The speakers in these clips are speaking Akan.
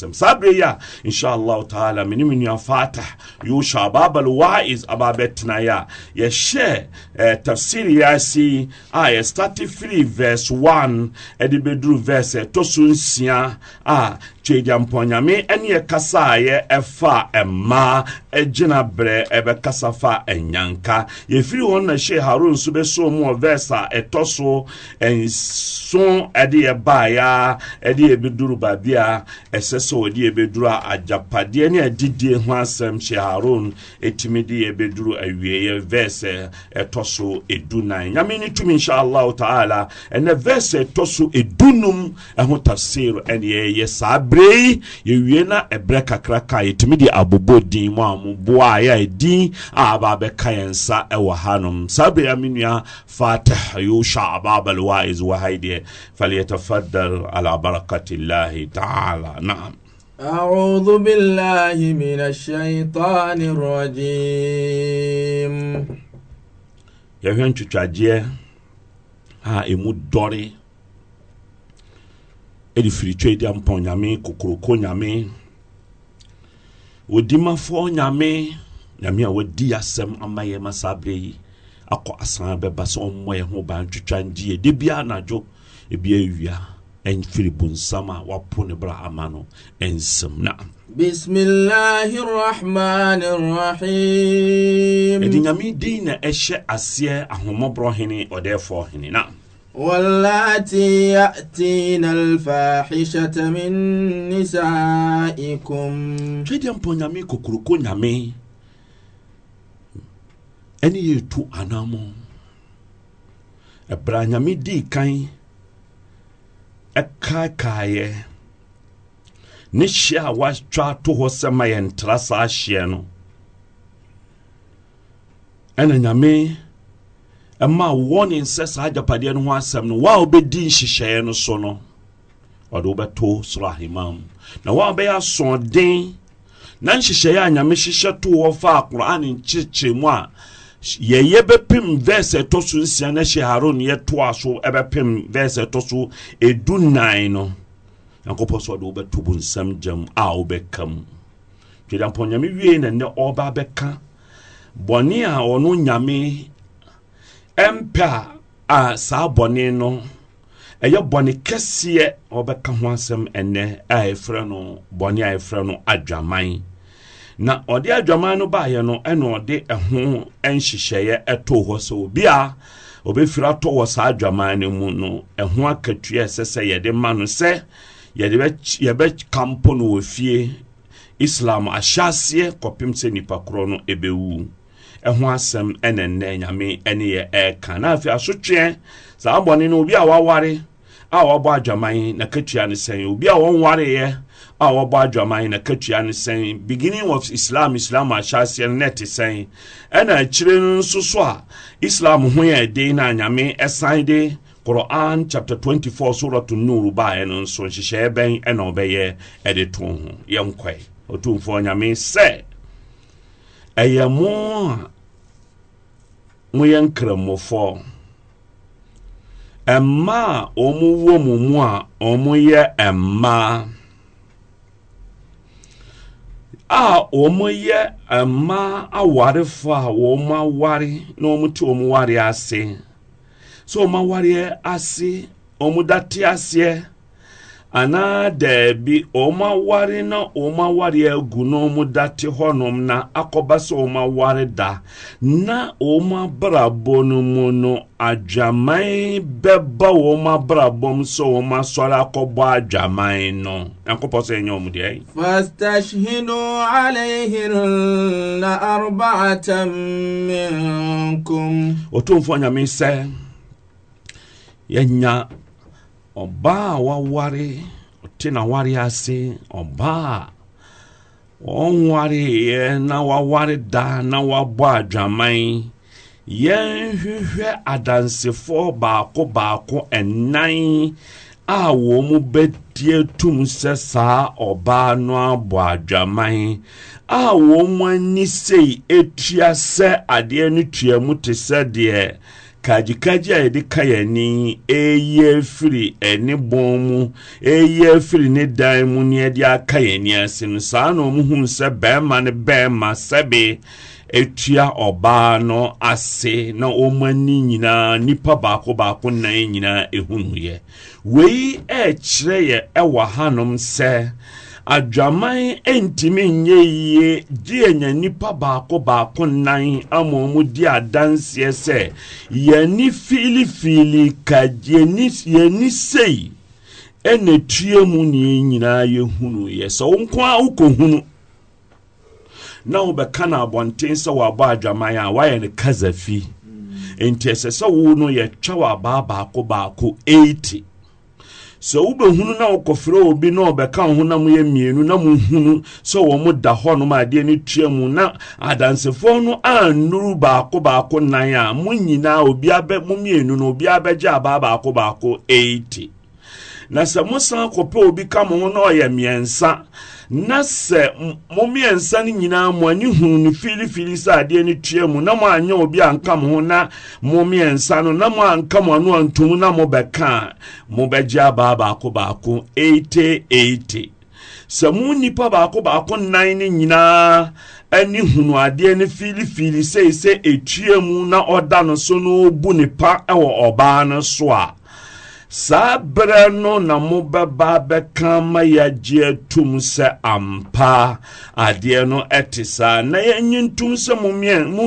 sɛm saa berɛ yi a inshallah taala mene me nua fatah yosha babal wais aba bɛtenaeɛ a yɛhyɛ eh, tafsir yɛase a yɛstarte firi verse 1 ɛde bɛduru verse ɛtɔ so nsia a twagyampɔnyame ɛne yɛkasaayɛ ɛfa ɛmmaa ɛgyina berɛ ɛbɛkasa fa ɛnyanka yɛfiri hɔ na hyɛ haron nso bɛsoo mu wɔ verse a ɛtɔ so ɛnson ɛde yɛbaeɛ a ɛde yɛbɛduru baabi a ɛsɛ sɛ ɔde yɛbɛduru a agyapadeɛ ne adidie ho asɛm hyɛ haron ɛtumi de yɛbɛduru awieɛ vɛsɛ ɛtɔ so ɛdu nan nyame ne tumi inshallah taala ɛnɛ vɛsɛ ɛtɔ so ɛdunum ɛho tafsir ɛne yɛyɛ saa berɛ yi yɛwie na ɛberɛ kakra ka yɛtumi de abobɔ din mu a moboa a yɛ din a aba bɛka yɛn nsa ɛwɔ hanom saa berɛ a me nua fatih yosha abab alwaiz wɔ hai deɛ falyatafaddal ala barakatillahi taala naam أعوذ بالله من الشيطان الرجيم yɛhwɛ ntwitwadeɛ a ɛmu dɔre ɛde firi twɛdi ampɔn nyame kokoroko nyame odimafoɔ nyame nyame a wadi asɛm ama yɛ ma saa berɛ asan bɛba sɛ ɔmmɔ yɛ ho ban twitwa ngyeɛ ebi ɛnfiri bunsam a wapo ne bra ama no ɛnsɛm na بسم الله الرحمن الرحيم ادي نامي دين اشي اسيا اهوم برهني اودي فوهني نعم واللاتي ياتين الفاحشه من نسائكم تيديام بو نامي كوكروكو نامي اني يتو انامو ابرا نامي دي كاين ɛkaekaeɛ ne hyeɛ a wɔatwa ato hɔ sɛ ma yɛntra saa hyeɛ no ɛna nyame ɛma wɔne nsɛ saa agyapadeɛ no ho asɛm no wɔn a wɔbɛdi nhyehyɛeɛ no so no ɔde wɔbɛto soro ahema na wa a wɔbɛyɛ asoɔden na nhyehyɛeɛ a nyame hyehyɛ to hɔ fa akora ne nkyekyeremu a yɛyɛ bɛpem verse ɛtɔ so nsia na hyɛ haron yɛtoa so ɛbɛpem verse ɛtɔ so edu nan no nyankopɔn sɛ ɔde wobɛto bo nsɛm gyam a wobɛka mu twɛdampɔ nyame wie na nnɛ ɔba bɛka bɔne a ɔno nyame ɛmpɛ a saa bɔne no ɛyɛ bɔne kɛseɛ ɔbɛka ho asɛm ɛnnɛ a yɛfrɛ no bɔne a yɛfrɛ no adwaman na ɔde adwaman no baeɛ no ɛna ɔde ɛho nhyehyɛeɛ ɛtoo hɔ obi a obɛfiri atɔ wɔ saa adwuma no mu no ɛho akatua ɛsɛ sɛ yɛde ma no sɛ yɛbɛkampo no wɔ fie islam ahyɛaseɛ kɔpem sɛ nnipa korɔ no ɛbɛwu ɛho asɛm ɛna nnɛ nyame ɛne yɛ ɛɛka na afei asotweɛ saa bɔne no obi a waware a wabɔ adwaman na katua no sɛn obi a wɔnwareeɛ a wɔbɔ adwaman na katua no sɛn beginning of islam islam ahyɛaseɛ no nɛte sɛn ɛna akyire no nso so a islam ho yɛ den na nyame ɛsan de quran chapter 24 suratu nuru baeɛ no nso nhyehyɛeɛ bɛn ɛna ɔbɛyɛ ɛde to ho yɛnkɔe ɔtumfoɔ nyame sɛ ɛyɛ mo a moyɛ nkrammɔfoɔ ɛmma a ɔmo mu mu a ɔmo yɛ a wɔyɛ ma awarefo a wɔn aware na wɔte wɔn ware ase so wɔn awareɛ ase wɔn date aseɛ anaa daabi ɔma ware na ɔma ware agu no mu date hɔnom na akɔba sɛ ɔma ware da na ɔma brabɔ no mu no adwaman bɛba ɔma brabɔ m sɛ ɔma sɔre akɔbɔ adwaman no nyankopɔn sɛ ɛnyɛ ɔm deɛ eh? fastashhidu alaihinna arba'atan minkum ɔtomfoɔ nyame sɛ yɛnya ɔbaa a waware ɔte na ware ase ɔbaa a ɔnwareeɛ na waware daa na wabɔ adwaman yɛnhwehwɛ adansefoɔ baako baako ɛnan a wɔn mu bɛtie tum sɛ saa ɔbaa no abɔ adwaman a wɔn mu ani sei etua sɛ adeɛ no tua mu te sɛ deɛ kagyikagye a yɛde ka yɛn ani ɛyɛ afiri ɛne bɔn mu ɛyɛ afiri ne dan mu ne yɛde aka yɛn ani ase no saa na ɔmo hu sɛ bɛrima ne bɛrima sɛbe etua ɔbaa no ase na ɔmo ani nyinaa nipa baako baako nan nyinaa ehunu yɛ wei ɛɛkyerɛ yɛ ɛwɔ hanom sɛ. adwaman ntumi nyɛ yie gye yɛnya nnipa baako baako nan ama ɔmo di adanseɛ sɛ yɛni fiilifiili ka yɛni sei ɛna tue mu ne nyinaa yɛhunu yɛ sɛ wo nko a wokɔhunu na wobɛka no abɔnten sɛ wɔabɔ adwaman a woayɛ no kazafi nti ɛsɛ sɛ wo no yɛtwa wɔ abaa baako baako 80 sɛ wobɛhunu na wokɔfrɛ obi na ɔbɛka wo ho na moyɛ mmienu na mohunu sɛ wɔ mo da hɔ nom adeɛ no tua mu na adansefoɔ no annuru baako baako nan a mo nyinaa obi abɛ mo mmienu no obi abɛgye abaa baako baako 80 na sɛ mosan kɔpɛ obi ka mo ho na ɔyɛ mmiɛnsa na sɛ mo mmiɛnsa no nyinaa mo ani hunu no filifili sɛ adeɛ no tua mu na mo anyɛ obi anka mo ho na mo mmiɛnsa no na mo anka mo ano antom na mo bɛka a mo bɛgye abaa baako baako 8080 sɛ mo nnipa baako baako nnan no nyinaa ani hunu adeɛ no filifili sei sɛ ɛtua mu na ɔda no so no ɔbu ne pa wɔ ɔbaa no so a saa berɛ no na mobɛba bɛka ma yɛagye atum sɛ ampa adeɛ no ɛte saa na yɛnyi ntum sɛ mu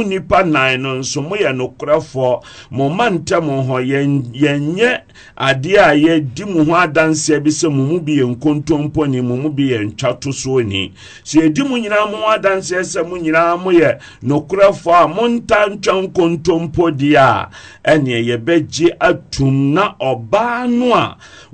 nnipa nan no nso moyɛ nokorɛfoɔ mo ma ntɛ mo yɛnyɛ adeɛ a yɛdi mo ho adanseɛ bi sɛ mo mu bi yɛ nkontomponi mo mu bi yɛ yɛdi mo nyinaa mo ho adanseɛ sɛ mo nyinaa moyɛ nokorɛfoɔ a monta ntwa nkontompo deɛ a ɛneɛ yɛbɛgye na anụ no a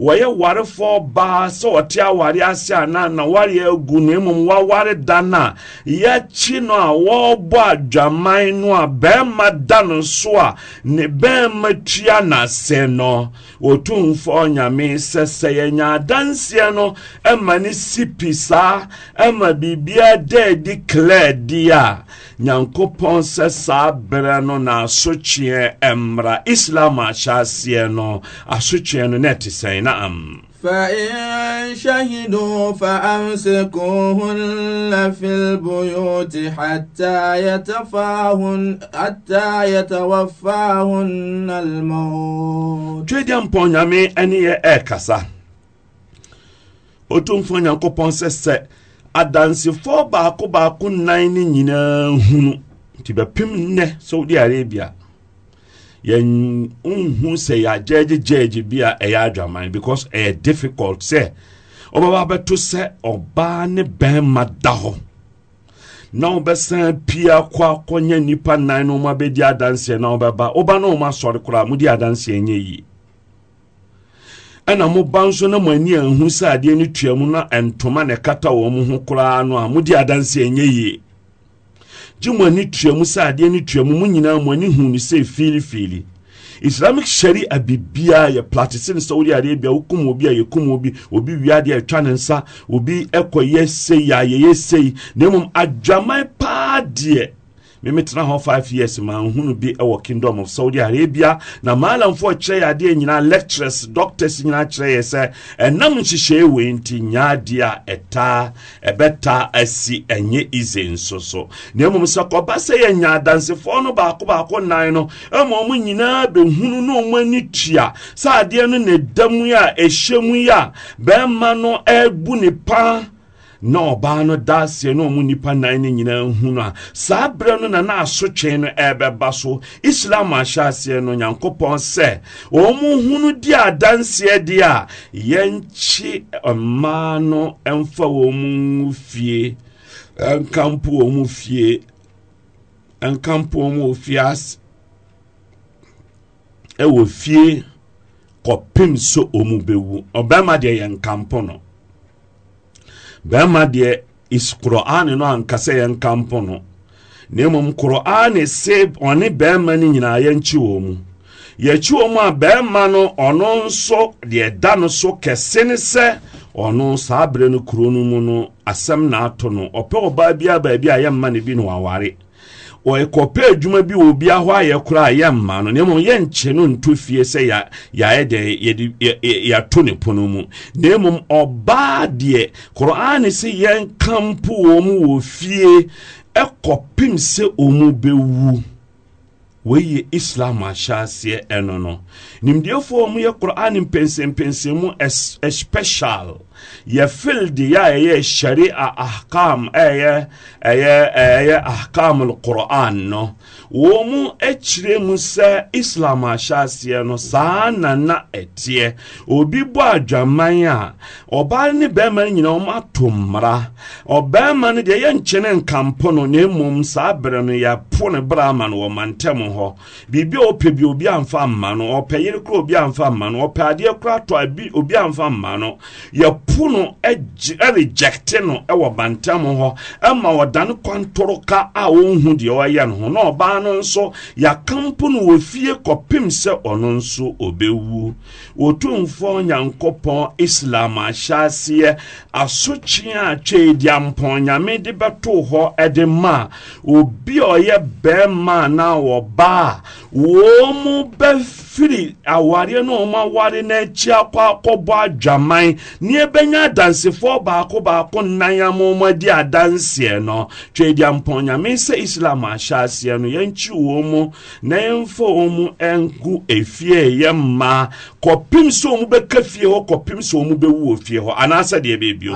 wɔyɛ warefoɔ baa sɛ ɔte aware ase anaa nawareɛ agu na mmom waware da dana ya chi nọ a wɔrebɔ adwaman a bɛrima da no so a ne bɛrima tua n'ase no ɔtumfoɔ nyame sɛ sɛ yɛnya adanseɛ no ɛma ne si pi saa ɛma biribiara da klaa nyankopɔn sɛ saa berɛ no na asotweɛ ɛmmra islam ahyɛ aseɛ no asotweɛ no na ɛte sɛn na am فإن شهدوا فأمسكوهن في البيوت حتى يتفاهن حتى يتوفاهن الموت. Twede mpɔ nyame ɛne yɛ ɛɛkasa. Otumfo Nyankopɔn sɛ adansefoɔ baako baako nan no nyinaa hunu nti bɛpem nnɛ saudi arabia yɛn nhu sɛ yɛagyɛgyegyɛgye bi a ɛyɛ adwaman because ɛyɛ difficult sɛ ɔbɛba bɛto sɛ ɔbaa ne bɛrima da hɔ na wobɛsan pia kɔ akɔnyɛ nnipa nan no ɔma bɛdi adanseɛ na wobɛba woba na ɔma asɔre koraa di adanseɛ nye yie ɛna moba nso na mo ani ahu sɛ adeɛ no tua mu na ntoma na ɛkata wɔn mo ho koraa no a modi adanse ɛnyɛ yie gye mo ani tua mu sɛ adeɛ no tua mu mo nyinaa mo ani hu no sɛ fiilifiili islamic sharia bibia yɛ platese no sɛ wode adeɛ bia wokum obi a yɛkum obi obi wie adeɛ ɛtwa ne nsa obi ɛkɔ yɛ sei a yɛyɛ sei na mmom adwaman paa deɛ memetena hɔ five years ma nhunu bi wɔ kingdom of saudi arabia na maalamfoɔ kyerɛ yɛ adeɛ nyinaa lecturers, doctors nyinaa kyerɛ yɛ sɛ ɛnam nhyehyɛe wei nti nyaadeɛ a ɛtaa ɛbɛtaa asi ɛnyɛ ize nso so na mmom sɛ kɔba sɛ yɛnya adansefoɔ no baako baako nan no ɛma ɔmo nyinaa bɛhunu na ɔmo ani tua sɛ adeɛ no ne da mu yi a ɛhyɛ mu yi a bɛrima no ɛbu ne paa na ɔbaa no daaseɛ na ɔmo nipa nan no nyinaa hu no a saa berɛ no na na asotwe no ɛɛbɛba so islam ahyɛ aseɛ no nyankopɔn sɛ ɔmo hu no di adanseɛ deɛ a yɛnkye eh, mmaa no ɛmfa wɔn mu fie ɛnkampo wɔn mu fie ɛnkampo wɔn mu fie ase ɛwɔ fie kɔpem so ɔmo bɛwu ɔbɛrima deɛ yɛ nkampo no bɛrima deɛ is kur'an no ankasa yɛn kampo no na mmom kur'an se ɔne bɛrima no nyinaa yɛnkyi wɔ mu yɛkyi wɔ mu a bɛrima no ɔno nso deɛ da no so kɛse ne sɛ ɔno saa berɛ no kuro no mu no asɛm na ato no ɔpɛ ɔbaa biara baabi a yɛmma no bi na waware ɔkɔpɛ adwuma bi wɔ bia hɔ a yɛkora a yɛmma no na mmom yɛnkyɛ no nto fie sɛ yɛayɛ dɛ yɛato ne pono mu na mmom ɔbaa deɛ korane sɛ yɛnkampo wɔ mu wɔ fie ɛkɔpem sɛ ɔmu bɛwu wɔyɛ islam ahyɛaseɛ ɛno no nimdeɛfoɔ mu yɛ korane mpɛnsɛmpɛnsɛmu especial yɛfil de yɛ a ɛyɛ sharia ahkam ɛyɛ ɛyɛ ɛyɛ ahkam alquran no wɔn mu akyire mu sɛ islam ahyɛaseɛ no saa na na ɛteɛ obi bɔ adwaman a ɔbaa ne bɛrima no nyinaa wɔn ato mmara ɔbɛrima no deɛ yɛ nkyene nkampo no na mmom saa bere no yɛpo ne bere ama no wɔ mantam hɔ biribi a ɔpɛ bi obi amfa mma no ɔpɛ yere kora obi amfa mma no ɔpɛ adeɛ kora tɔ obi amfa mma no yɛpo apo no rejecte no wɔ bantam hɔ ɛma wɔdane kwantoroka a wɔnhu deɛ ɔyɛ no ho na ɔbaa no nso yɛakampo no wɔ fie kɔpem sɛ ɔno nso ɔbɛwu wɔtumfoɔ nyankopɔn islam ahyɛaseɛ asotwe a twei de ampɔn nyame de bɛtoo hɔ de ma obi a ɔyɛ bɛrima anaa ɔbaa wɔn mu bɛfi afiri awareɛ no ɔma ware na akyi akɔ akɔbɔ adwaman ne ɛbɛnya adansefoɔ baako baako nan amoma di adanseɛ no twɛdia mpɔn nyame sɛ islam ahyɛ aseɛ no yɛnkyi wɔ mu na yɛmfa wɔ mu ɛnko efie yɛ mmaa kɔpem sɛ ɔmu bɛka fie hɔ kɔpem sɛ ɔmu bɛwu wɔ fie hɔ anaasɛ deɛ bɛbio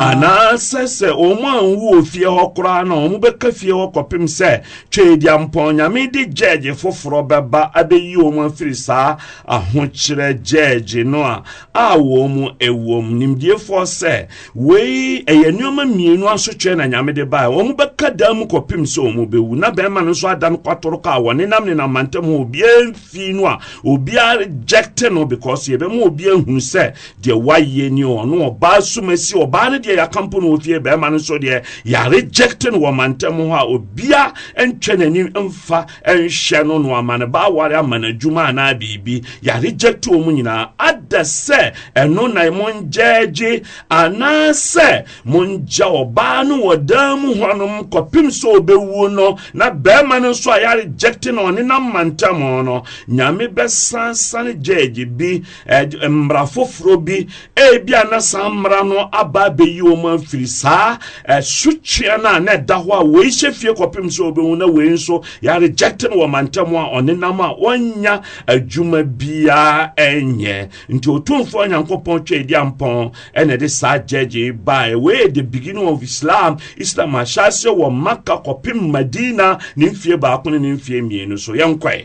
anaasɛ sɛ ɔmu anwu wɔ fie hɔ koraa na ɔmu bɛka fie hɔ kɔ akɔpem sɛ tweedia mpɔn nyame de gyɛɛgye foforɔ bɛba abɛyi wɔn afiri saa ahokyerɛ gyɛɛgye no a a wɔn mu ɛwɔm nimdiefoɔ sɛ wei ɛyɛ nneɛma mmienu asotwe na nyame de baa wɔn bɛka dan mu kɔpem sɛ wɔn bɛwu na bɛrima no nso adan kɔtoro ka a wɔnenam nenam mantam hɔ obiara mfi no a obiara rejecte no because yɛbɛma obiara hunu sɛ deɛ wayɛ ni ɔno ɔbaa sum ɔbaa no deɛ yɛakampo no wɔ fie bɛrima no nso deɛ yɛarejecte no wɔ mantam hɔ a obi obia ntwɛ n'anim mfa nhyɛ no no amane ba aware amane adwuma anaa biribi yɛaregyɛ to mu nyinaa ada sɛ ɛno na mongyɛgye anaasɛ mongya ɔbaa no wɔ dan mu hɔnom kɔpem sɛ ɔbɛwuo no na bɛrima no nso a yɛaregyɛte na ɔne nam mantam no nyame bɛsansane gyɛgye bi mmara foforɔ bi ebia na saa mmara no aba abɛyi wɔ afiri saa asutwea no a na ɛda hɔ a wɔyi hyɛ fie yɛ kɔpem sɛ ɔbɛhu na wei nso yɛaregyɛte no wɔ mantam a ɔnenam a ɔnya adwuma biara ɛnyɛ nti ɔtumfoɔ nyankopɔn twɛ di ampɔn ɛna ɛde saa gyɛgye baeɛ wei the beginning of islam islam ahyɛ aseɛ wɔ maka kɔpem madina ne mfie baako ne ne mfie mmienu so yɛnkɔe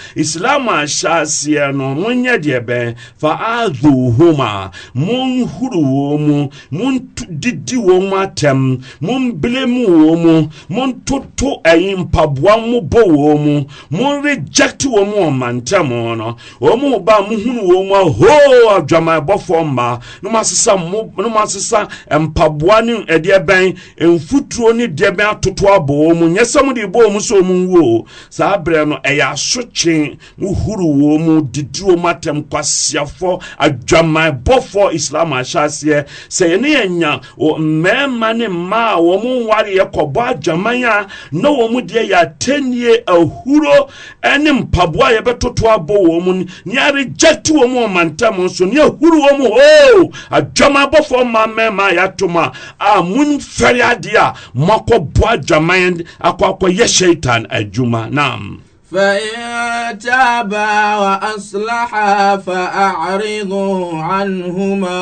islam ahyɛ aseɛ no monyɛ deɛ bɛn fa adho homa monhuru wɔ mu mondidi wɔ mu atɛm mombele mu wɔ mu montoto ɛyi mpaboa mobɔ wɔ mu monreject wɔ mu ɔmantɛm no wɔ mu ba mohunu wɔ mu ahoo adwamaɛbɔfoɔ mmaa no masesa mpaboa ne ɛdeɛ bɛn mfuturo ne deɛ bɛn atoto abɔ wɔ mu nyɛ sɛ mode bɔɔ mu sɛ ɔmu nwuo saa berɛ no ɛyɛ asotwe akyen wohuru wɔ mu diduro mu atɛmkwasiafɔ adwamanbɔfɔ islam ahyɛaseɛ sɛ yɛne yɛnya mmarima ne mmaa a wɔn mu nwareɛ kɔbɔ adwaman a na wɔn mu deɛ yɛ atɛnnie ahuro ne mpaboa a yɛbɛtoto abɔ wɔn mu ne wɔn mu nso ne wɔn mu hoo oh! mmaa mmarima a yɛatom a a momfɛre adeɛ a adwaman akɔ akɔyɛ adwuma naam فإن تابا وأصلحا فأعرضوا عنهما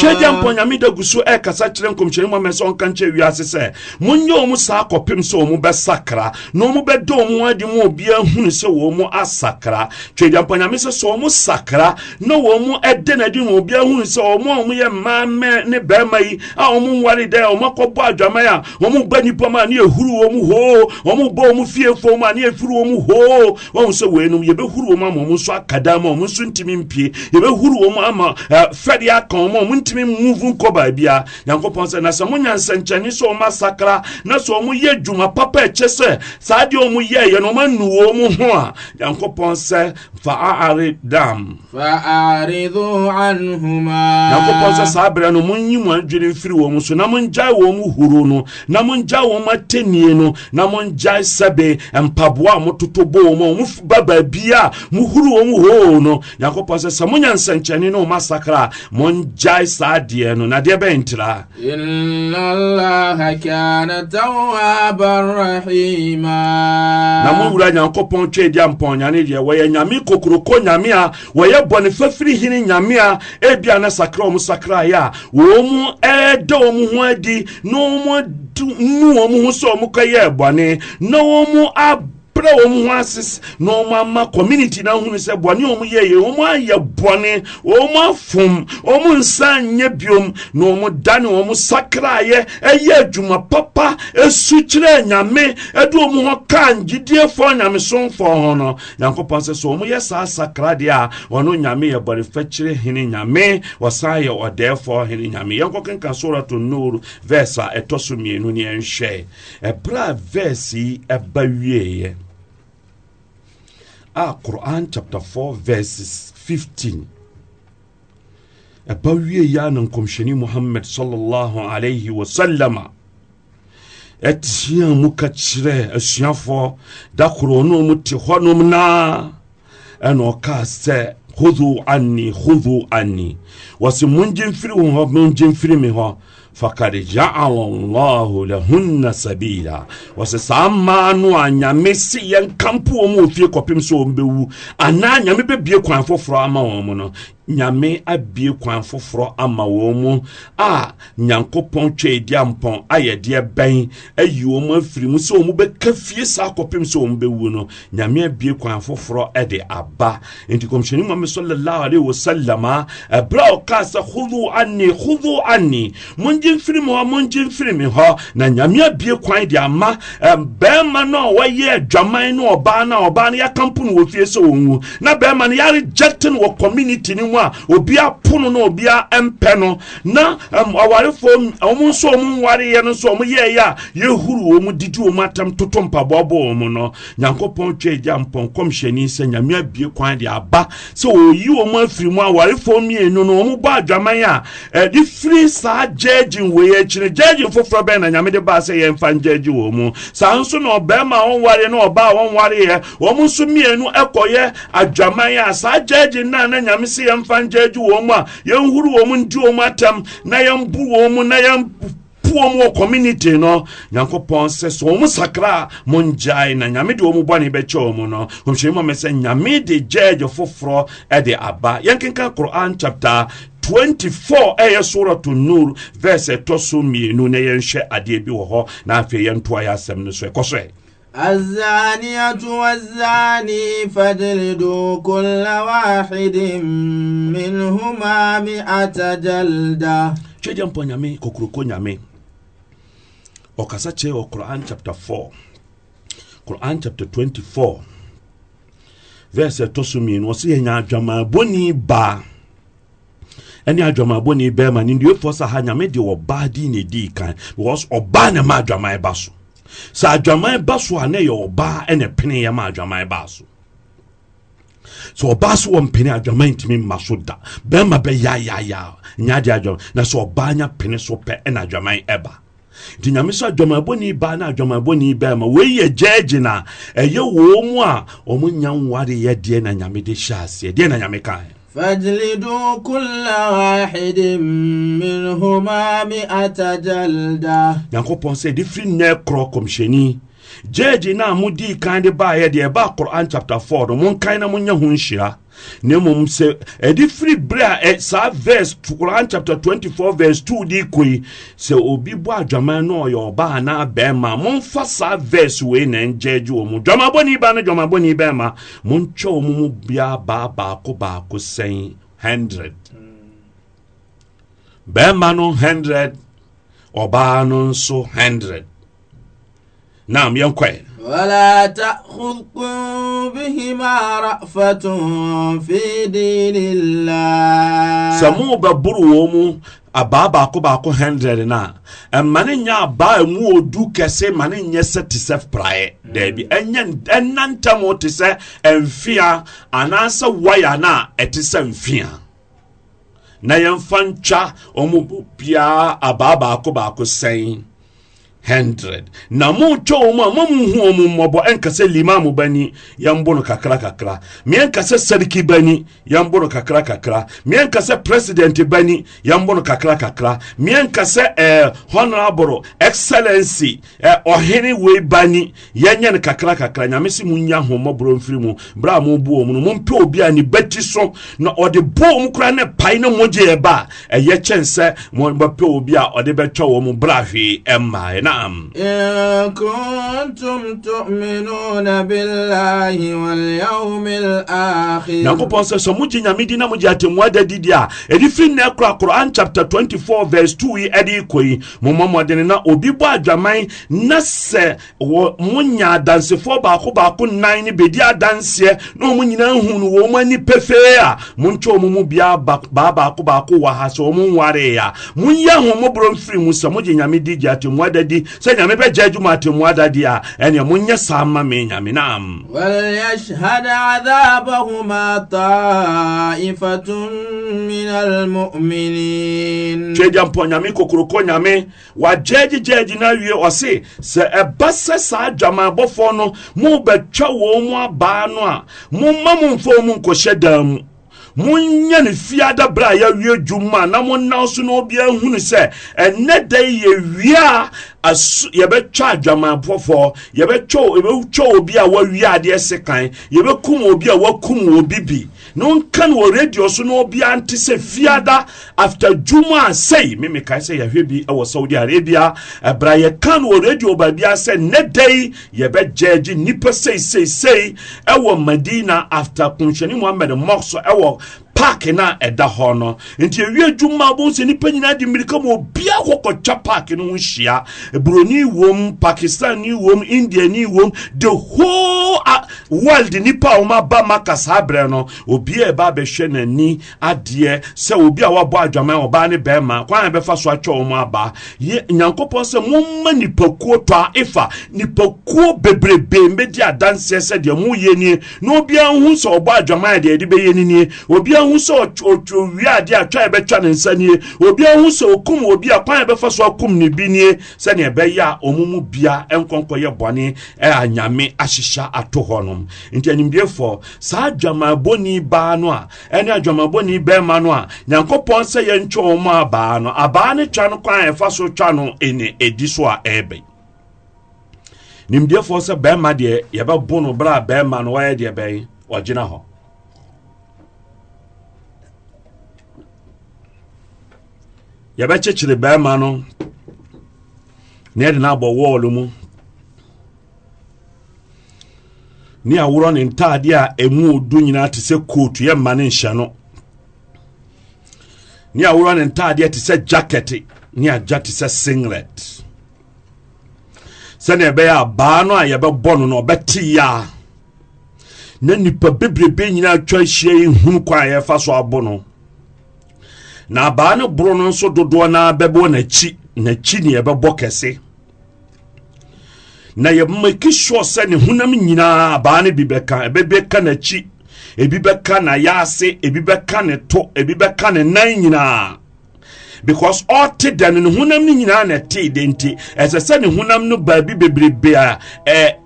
kyɛgya mpɔ nyame da gu so ɛkasa kyerɛ nkɔmhyɛne muamɛ sɛ ɔnka nkyɛ wiase sɛ monyɛ ɔ mu saa kɔpem sɛ ɔ mu bɛsakra na ɔ mu bɛdɔ ɔ mu adi mu obiaa hunu sɛ wɔ mu asakra twɛgya mpɔ nyame sɛ sɛ ɔ mu sakra na wɔ mu ɛdɛ no adi mu obiaa hunu sɛ ɔ mu a ɔ mu yɛ mmaa mɛ ne bɛrima yi a ɔ mu nware dɛ ɔ mu akɔbɔ adwaman a ɔ mu ba nnipa mu a ne yɛhuru wɔ mu hoo ɔ mu bɔ ɔ mu fiefo mu a ne yɛfiri wɔ mu hoo o wɔn sɛ wɔn anum yɛbɛhuru ama wɔn nso akada ama wɔn nso ntumi mpie yɛbɛhuru wɔn ama fɛde aka wɔn a ntumi mmuvu nkɔ baabi a nyankopɔn sɛ na sɛ mo nya nsɛnkyɛnni sɛ wɔn asakra na sɛ wɔn yɛ dwuma papa ɛkyɛ sɛ saa deɛ wɔn yɛ yɛ na wɔn anu wɔn ho a nyankopɔn sɛ fa aare dam. fa aare do anhuma. nyankopɔn sɛ saa abirɛ no mo nyi mo adwene firi wɔn so na mo ngya wɔn huru no na mo ngya wɔn atenie no na mo ngya sɛbe mpaboa a mo toto bo bɔ mu muba baabi a muhuru wɔ mu hoo no nyankopɔn sɛ sɛ monya no ne wo masakra a mongyae saa deɛ no na deɛ bɛn ntira na mowura nyankopɔn twɛ di ampɔnyane deɛ wɔyɛ nyame kokoroko nyame a wɔyɛ bɔne fafiri hene nyame a bia na sakra ɔmo sakraeɛ a wɔ mu ɛɛda wɔ mu ho adi na mu nu wɔ mu ho sɛ ɔmo kɔyɛɛ bɔne na wɔ mu ab mpra wɔn ho na wɔn ama community na ahunu sɛ bɔne wɔn yɛyɛ wɔn ayɛ bɔne wɔn afom nsa nyɛ biom na wɔn dane wɔn sakraeɛ ɛyɛ adwuma papa esu kyerɛ nyame ɛde kaa ngyidiefo nyamesomfo ho no nyankopɔn sɛ sɛ yɛ saa a wɔn nyame yɛ bɔnefɛkyerɛ hene nyame wɔsan yɛ ɔdɛɛfo hene nyame yɛnkɔ sorato noor verse a ɛtɔ a verse yi ɛba wieeɛ a ah, Quran chapter 4 verses 15 ɛba wie ya na nkɔmhyɛni Muhammad sallallahu alaihi wa sallama ɛteɛ mu ka kyerɛ asuafoɔ da koro no mu te hɔnom naa ɛna ɔkaa sɛ hodo ani hodo ani wɔsi mongye mfiri hɔ mongye mfiri me hɔ fakad jaala llahu lahunna sabila wɔsɛ saa mmaa no a nyame se yɛnkampoɔ wɔ ma ɔfie kɔpem sɛ ɔmbɛwu anaa nyame bɛbie kwan foforɔ ama wɔn mu no nyame abie kwan foforɔ ama wɔn mu a nyankopɔn twɛ di ampɔn ayɛ deɛ bɛn ayi wɔn afiri mu sɛ wɔn bɛka fie saa kɔpem sɛ wɔn bɛwu no nyame abie kwan foforɔ ɛde aba nti kɔmhyɛni mu sallallahu alaihi wasallam a ɛberɛ a ɔkaa sɛ hudu ani hudu ani mongye mfiri mu hɔ mongye mfiri mi hɔ na nyame abie kwan de ama bɛrima no a wɔyɛ adwaman no ɔbaa no a ɔbaa no yɛakampo no wɔ fie sɛ wɔwu na bɛrima no yɛaregyɛte no wɔ community a obia pono na obia mpɛ no na awarefoɔ ɔmo nso ɔmo nwareɛ no nso ɔmo yɛɛyɛ a yɛhuru wɔn didi wɔn atam toto mpaboabɔ wɔn no nyankopɔn twɛ gya mpɔnkɔm hyɛni sɛ nyame abie kwan de aba sɛ ɔyi wɔn afiri mu awarefoɔ mmienu no wɔn bɔ adwaman a ɛde firi saa gyɛɛgyin wɔ akyi no gyɛɛgyin foforɔ bɛn na nyame de baa sɛ yɛmfa ngyɛɛgyin wɔn mu saa nso na ɔbɛrima a wɔnware na ɔbaa a wɔnwareɛ wɔn nso mmienu ɛkɔyɛ adwaman a saa gyɛɛgyin naa na nyame si yɛmfa yɛmfa nkyɛ wɔ mu a yɛnhuru wɔ mu nti wɔ mu atam na yɛmbu wɔ mu na yɛm mu wɔ community no nyankopɔn sɛ sɛ ɔmo sakra a mongyae na nyame de mu bɔne bɛkyɛ mu no kɔmhyɛni sɛ nyame de gyaagye foforɔ de aba yɛnkenka koran chapter 24 ɛyɛ surato nur verse ɛtɔ so mmienu na yɛnhwɛ adeɛ bi wɔ hɔ na afei yɛntoa yɛ asɛm no so ɛkɔ so ɛ الزانية والزاني فاجلدوا كل واحد منهما مئة جلدة kyɛgya mpɔ nyame kokuroko nyame ɔkasa kyerɛ wɔ chapter 4 quran chapter 24 verse ɛtɔ so mmienu ɔsɛ با. adwamaabɔni baa ɛne adwamaabɔni bɛrima ne nnuefoɔ sɛ ha nyame deɛ ɔbaa dii ne dii kan because ɔbaa na ma adwaman e ba so sɛ adwaman ba so a na ɛyɛ ɔbaa ɛna pene yɛ ma adwaman ba so sɛ ɔbaa so wɔ mpene adwaman ntumi mma so da bɛrima bɛyayayaa nya ade adwaman na sɛ ɔbaa nya pene so pɛ ɛna adwaman ɛba nti nyame sɛ ni baa na adwamanbɔne bɛrima wei yɛ gyaagye na ɛyɛ wɔ mu a ɔmo nya nwareyɛ deɛ na nyame de hyɛ aseɛ deɛ na nyame kaeɛ فاجلدوا كل واحد منهما مئة جلدة nyankopɔn sɛ de firi nnɛ korɔ kɔmhyɛni jeji na mudi kan de baayɛ deɛ ɛba e koran chapter four no monkan na monyɛ ho nhyira ne mmom sɛ ɛde firi berɛ a e, saa verse koran chapter twenty four verse two de kɔ yi sɛ obi bɔ adwaman na ɔyɛ ɔbaa anaa bɛrima momfa saa verse wei na ngyeegye wɔ mu dwamabɔni ba ne dwamabɔni bɛrima montwɛ wɔ mu mu biara baa baako baako sɛn hundred bɛrima no hundred ɔbaa no nso hundred Naam, yɛnkɔe. ولا تأخذكم بهما رأفة في دين الله sɛ mobɛboro wɔ mu abaa baako baako hundred no a ɛma ne nyɛ abaa ɛmu ɔdu kɛse ma ne nyɛ sɛ te sɛ praeɛ daabi ɛnyɛ ɛna ntɛm te sɛ ɛmfia anaasɛ waya no a ɛte sɛ mfia na yɛmfa ntwa ɔmu biaa abaa baako baako sɛn hundred na motwɔ mu a mamuhu mu mmɔbɔ ɛnka sɛ limamu bani yɛmbo no kakra kakra meɛnka sɛ sariki bani yɛmbo no kakra kakra meɛnka sɛ president bani yɛmbo no kakra kakra meɛnka sɛ eh, honorable excellency eh, ɔhene wei bani yɛnyɛ no kakra kakra nyame se munya ahommɔborɔ mfiri mu berɛ a mobuo mu no mompɛ obi a ne bati so na ɔde boo mu koraa ne pae ne mogye ɛba a ɛyɛ kyɛn sɛ mɔbɛpɛ obi a ɔde bɛtwa wɔ mu bra hwee ɛmmaɛ نعم إن كنتم تؤمنون بالله واليوم الآخر nyankopɔn sɛ sɛ mogye nyame di na mogye atemmu da didi a ɛde firi nnɛ kora koran chapter 24 verse 2 yi ɛde kɔ yi mommɔ mmɔdene na obi bɔ adwaman na sɛ monya adansefoɔ baako baako nan ne bɛdi adanseɛ na ɔmo nyinaa hu no wɔ mu ani pefee a montwɛ ɔmo mu biaa baa baako baako wɔ ha sɛ ɔmo nwaree a monyɛ ahommɔborɔ mfiri mu sɛ mogye nyame di gye atemmu di yi sɛ nyame bɛgya adwuma atemu ada deɛ a ɛneɛ monyɛ saa ma me nyame nam وليشهد عذابهما طائفة من المؤمنين twɛ gya mpɔ nyame kokoroko nyame wagya agyigya awie ɔse sɛ ɛba sɛ saa adwamanbɔfoɔ no mobɛtwa wɔ mu abaa no a momma mo mfa mu nkɔhyɛ daa mu monyɛ ne fiada berɛ a yɛawie dwuma a na monam so na obiara hunu sɛ ɛnɛ da yi yɛwie a yɛbɛtwa adwamanfoɔfoɔ yɛbɛtwa obi a wawie adeɛ se kan yɛbɛkum obi a wakum obi bi na ɔnka no wɔ radio so na ɔbia nte sɛ fiada after dwuma a sɛi memekae sɛ yɛhwɛ bi ɛwɔ saudi arabia ɛbra yɛka no wɔ radio baabia sɛ nnɛ da yi yɛbɛgyaagye nnipa seiseisei ɛwɔ madina after konhyɛne muhammad mok ɛwɔ park na ɛda hɔ no nti ewie dwuma bo sɛ nipa nyinaa de mmirika mu obia kɔ kɔtwa park no ho hyia buroni wom pakistani wom indiani wom the whole uh, world nipa a wɔn aba ma kasa abrɛ no obia ɛba abɛhwɛ n'ani adeɛ sɛ obi a wabɔ adwaman ɔbaa ne bɛrima kwan a bɛfa so atwa wɔn aba yɛ nyankopɔn sɛ mɔmma nipakuo tɔ a efa nipakuo bebrebe mbɛdi adanseɛ sɛ deɛ mo yɛ nie na obiara ho sɛ ɔbɔ adwaman deɛ yɛde bɛyɛ nie obiara. ahu sɛ ɔwie adeɛ a twan ɛbɛtwa na nsa nie obi ahu okum obi a kwan ɛbɛfa so akum na ebi nie sɛnea ɛbɛyɛ a ya mu bia ɛnkɔnkɔyɛ bɔne ɛa ato hɔ nom nti saa adwamabɔni baa no a ɛne adwamabɔni bɛrima no a nyankopɔn sɛ yɛntwe wɔn abaa no abaa twa no kwan ɛfa so twa no ɛne ɛdi so a sɛ bɛrima deɛ yɛbɛbo no a bɛrima no wɔyɛ deɛ ɔgyina hɔ yɛbɛkyekyere bɛrima no na yɛde no abɔ wɔɔlo mu ne aworɔ ne ntaadeɛ a ɛmu odu nyinaa te sɛ kootu yɛmma ne nhyɛ no ne aworɔ ne ntaadeɛ te sɛ jacket ne agya te sɛ singlet sɛnea ɛbɛyɛ abaa no a yɛbɛbɔ no no ɔbɛte yɛa na nnipa bebrebe nyinaa atwa ahyia yi hunu kwan a yɛfa so abo no na abaa ne boro no nso dodoɔ no bɛbɔ n'akyi n'akyi ne yɛbɛbɔ kɛse na yɛmaki sure sɛ ne honam nyinaa abaa no bi bɛka ɛbɛ bɛka n'akyi ebi bɛka n'ayɛ ebi bɛka ne to ebi bɛka ne nan nyinaa because ɔte da no ne honam no nyinaa na ɛtee de nti ɛsɛ sɛ ne honam no baabi bebrebe a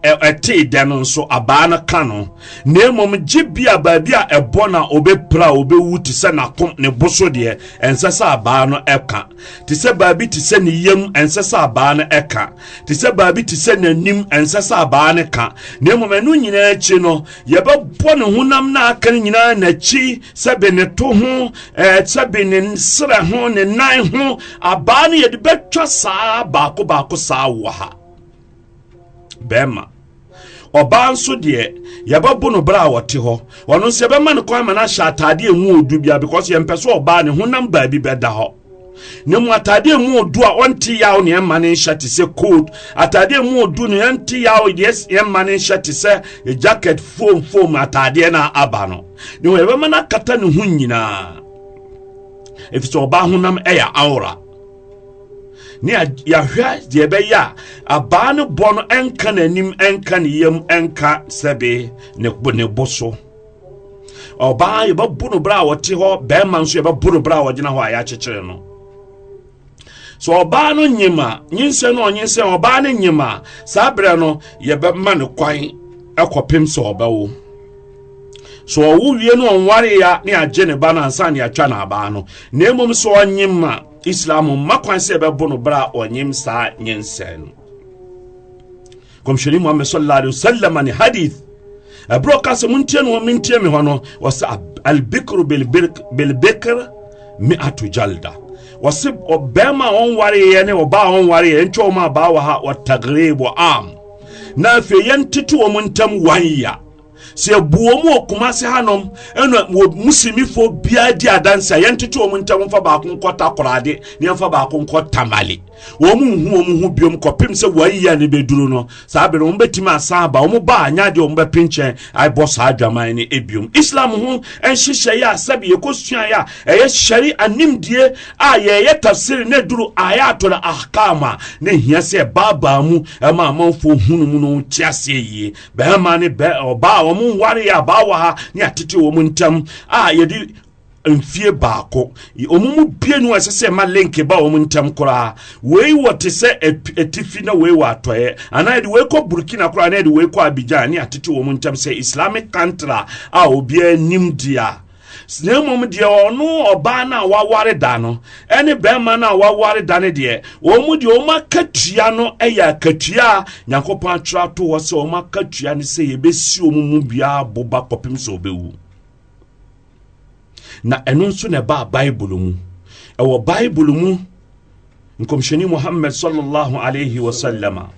ɛtee da no nso abaa no ka no na mmom gye bi a baabi a ɛbɔ na ɔbɛpira a ɔbɛwu te sɛ n'akom ne bo so deɛ ɛnsɛ sɛ abaa no ɛka te sɛ baabi te sɛ ne yam ɛnsɛ sɛ abaa no ɛka te sɛ baabi te sɛ n'anim ɛnsɛ sɛ abaa no ka na mmom ɛno nyinaa akyi no yɛbɛbɔ ne honam no aka no nyinaa n'akyi sɛbe ne to ho sɛbe ne serɛ ho ne na nan ho abaa no yɛde bɛtwa saa baako baako saa wɔ ha bɛrima ɔbaa nso deɛ yɛbɛbo no berɛ a wɔte hɔ ɔno nso yɛbɛma no kwan ma no ahyɛ ataadeɛ mu odu bia because yɛmpɛ so ɔbaa ne honam baabi bɛda hɔ ne mu ataadeɛ mu odu a ɔnte yaw ne ɛma ne nhyɛ te sɛ coat ataadeɛ mu odu ne ɛnte yaw deɛ ɛma ne nhyɛ te sɛ jacket foam foam ataadeɛ no aba no ne ho yɛbɛma no akata ne ho nyinaa ɛnti sɛ ɔbaa honam ɛyɛ awra ne yɛahwɛ deɛ ɛbɛyɛ a abaa no bɔ no ɛnka n'anim ɛnka ne yam ɛnka sɛbe ne bo so ɔbaa yɛbɛbo no berɛ a wɔte hɔ bɛrima nso yɛbɛbo no berɛ a wɔgyina hɔ a yɛakyekyere no so ɔbaa no nyima nyinsɛ no ɔnyinsɛ ɔbaa no nyima saa berɛ no yɛbɛma no kwan ɛkɔpem sɛ ɔbɛwo so ɔwo wie no ɔnwareya ne agye ne ba no ansa ne atwa no abaa no na mmom sɛ ɔnyem a islam mma kwan sɛ ɛbɛbo no berɛ a ɔnyem saa nyɛnsɛe no kɔmhyɛni muhammad sallallahu alaihi wasallam ne hadith ɛberɛ eh, ɔka sɛ montie no mentie me hɔ no ɔsɛ albikru me ato jalda wɔse ɔbɛrima a ɔnwareeɛ ne ɔbaa a ɔnwareeɛ ntwa ɔm abaa wɔ ha wɔtagrib am na afei yɛntete wɔ m ntam wan ya sɛ ɛbuo mu wɔ se hanom ɛna wɔ musulmifoɔ biara di adanse a yɛntete wɔn ntam mfa baako nkɔ takoradi ne yɛmfa baako nkɔ tamale wɔn ho wɔn ho biom kɔpem sɛ wɔayi a ne bɛduru no saa bɛrɛ wɔn bɛtumi asan aba wɔn ba anyaade wɔn bɛpe nkyɛn abɔ saa adwaman ne ebiom islam ho nhyehyɛ yi a sɛbi yɛ kosua yi a ɛyɛ hyɛri animdie a yɛyɛ tafsiri ne duru ayatollah ahkama ne hia sɛ baabaa mu ɛma amanfo hunu mu no te aseɛ yie bɛrima ne bɛ ɔbaa wɔn nware yɛ abaawa ha ne atete wɔn ntam a yɛde mfie baako ɔmo mu bie no ɛsɛ sɛ ma link ba ɔmo ntɛm koraa wei wɔ te sɛ atifi na wei wɔ atɔeɛ anaa yɛde wei kɔ burkina koraa anaa yɛde wei kɔ abidjan ne atete ɔmo ntɛm sɛ islamic country a obiara nim deɛ na mmom deɛ ɔno ɔbaa no a waware da no ɛne bɛrima no a waware da no deɛ wɔn mu deɛ wɔn akatua no yɛ akatua a nyankopɔn atwerɛ ato hɔ sɛ wɔn akatua no sɛ yɛbɛsi wɔn mu biara boba kɔpem sɛ ɔbɛwu na ɛno nso na ɛbaa bible mu ɛwɔ bible mu nkɔmhyɛni muhammad sallallahu alaihi wasallama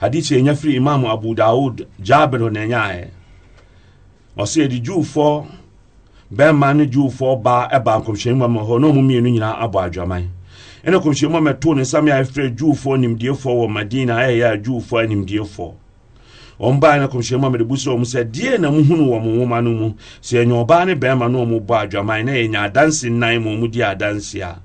hadithi ɛnya firi imam abu daud jabir na ɛnyaɛ ɔsɛ yɛde juufoɔ bɛrima ne juufoɔ ba ɛba nkɔmhyɛni muhammad hɔ na ɔmu mmienu nyinaa abɔ adwaman ɛna nkɔmhyɛni muhammad too ne nsam yɛ afirɛ juufoɔ nimdiefoɔ wɔ madina ɛyɛ yɛ juufoɔ animdiefoɔ ɔmbaa na kɔmhyia mu amede busa mu sɛ deɛ na muhunu wɔ mo nwoma no mu sɛ ɛnyɛ ɔbaa ne bɛrima no ɔmo bɔ adwaman na yɛnya adanse nnan ma ɔmo di adanse a